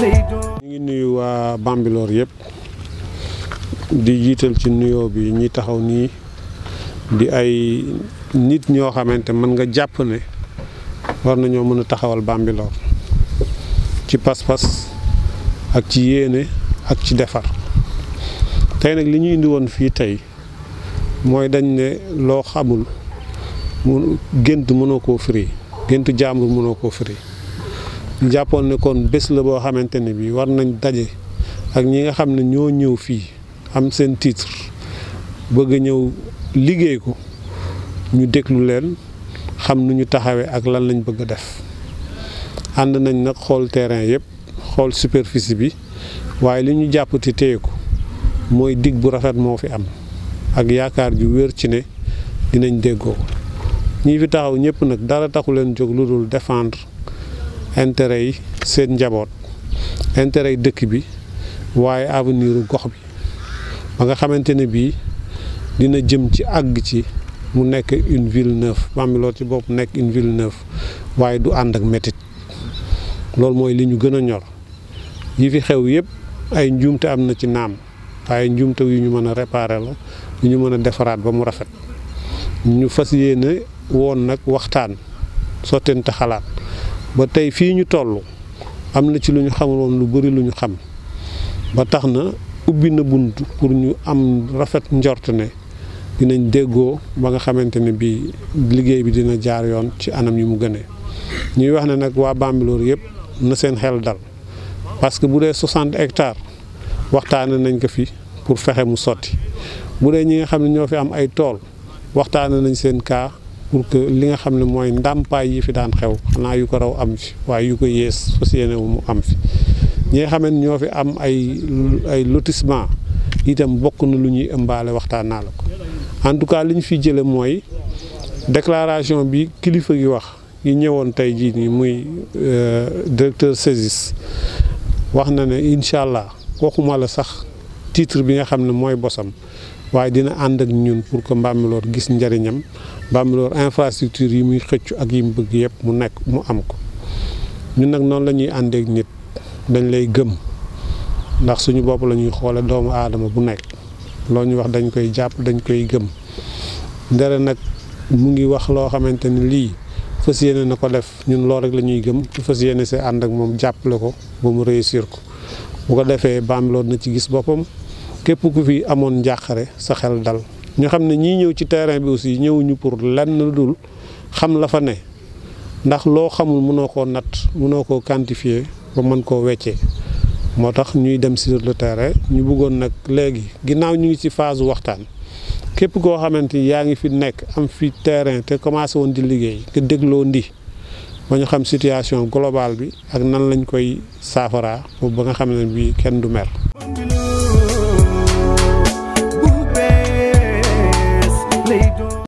ñu ngi nuyu waa Bambilor yépp di jiital ci nuyoo bi ñi taxaw nii di ay nit ñoo xamante mën nga jàpp ne war nañoo mën a taxawal Bambilor ci pas-pas ak ci yéene ak ci defar tey nag li ñu indi fii tey mooy dañ ne loo xamul mu gént mënoo koo firi géntu jàmbur mënoo ko firi jàppoon ne kon bés la boo xamante ne bii war nañ daje ak ñi nga xam ne ñoo ñëw fii am seen titre bëgg ñëw liggéey ko ñu déglu leen xam nu ñu taxawee ak lan lañ bëgg a def ànd nañ nag xool terrain yëpp xool superficie bi waaye li ñu jàpp te ko mooy dig bu rafet moo fi am ak yaakaar ju wér ci ne dinañ déggoo ñi fi taxaw ñëpp nag dara taxu leen jóg lu dul défendre intérêt yi seen njaboot intérêt yi dëkk bi waaye avenir gox bi ba nga xamante ne bii dina jëm ci àgg ci mu nekk une ville neuve Bambilor ci bopp nekk une ville neuve waaye du ànd ak métit loolu mooy li ñu gën a ñor yi fi xew yëpp ay njuumte am na ci naam waaye njuumte yu ñu mën a réparer la yu ñu mën a defaraat ba mu rafet ñu fas yéene woon nag waxtaan sottante xalaat ba tey fii ñu toll am na ci lu ñu xamul lu bëri lu ñu xam ba tax na ubbi na bunt pour ñu am rafet njort ne dinañ déggoo ba nga xamante ne bii liggéey bi dina jaar yoon ci anam yi mu gënee ñuy wax ne nag waa Bambilor yëpp na seen xel dal parce que bu dee 60 hectares waxtaane nañ ko fi pour fexe mu sotti bu dee ñi nga xam ne ñoo fi am ay tool waxtaane nañ seen kaa pour que li nga xam ne mooy ndàmpaay yi fi daan xew xanaa yu ko raw am ci waaye yu ko yées fas yéene wu mu am fi ñi nga xam ñoo fi am ay ay lotissement itam bokk na lu ñuy ëmbaale waxtaan naa la ko en tout cas li ñu fi jële mooy déclaration bi kilifa gi wax yi ñëwoon tey jii nii muy euh, directeur service wax na ne incha allah waxuma la sax titre bi nga xam ne mooy bosam waaye dina ànd ak ñun pour que Bambilor gis njëriñam Bambilor infrastructure yi muy xëccu ak yi mu bëgg yëpp mu nekk mu am ko ñun nag noonu la ñuy àndeek nit dañ lay gëm ndax suñu bopp la ñuy xoole doomu aadama bu nekk loo ñu wax dañ koy jàpp dañ koy gëm Ndella nag mu ngi wax loo xamante ni lii fas yéene na ko def ñun loolu rek lañuy ñuy gëm fës yéene see ànd ak moom jàppale ko ba mu réussir ko bu ko defee Bambilor na ci gis boppam képp ku fi amoon njàqare sa xel dal ñu xam ne ñii ñëw ci terrain bi aussi ñëwuñu pour lenn dul xam la fa ne ndax loo xamul munoo ko natt munoo koo quantifier ba mën koo weccee moo tax ñuy dem sur le terrain ñu buggoon nag léegi ginnaaw ñu ngi ci phase waxtaan képp koo xamante ni yaa ngi fi nekk am fi terrain te commencé woon di liggéey nga dégloo ndi ba ñu xam situation global bi ak nan lañ koy saafaraa ba nga xam ne bii kenn du mer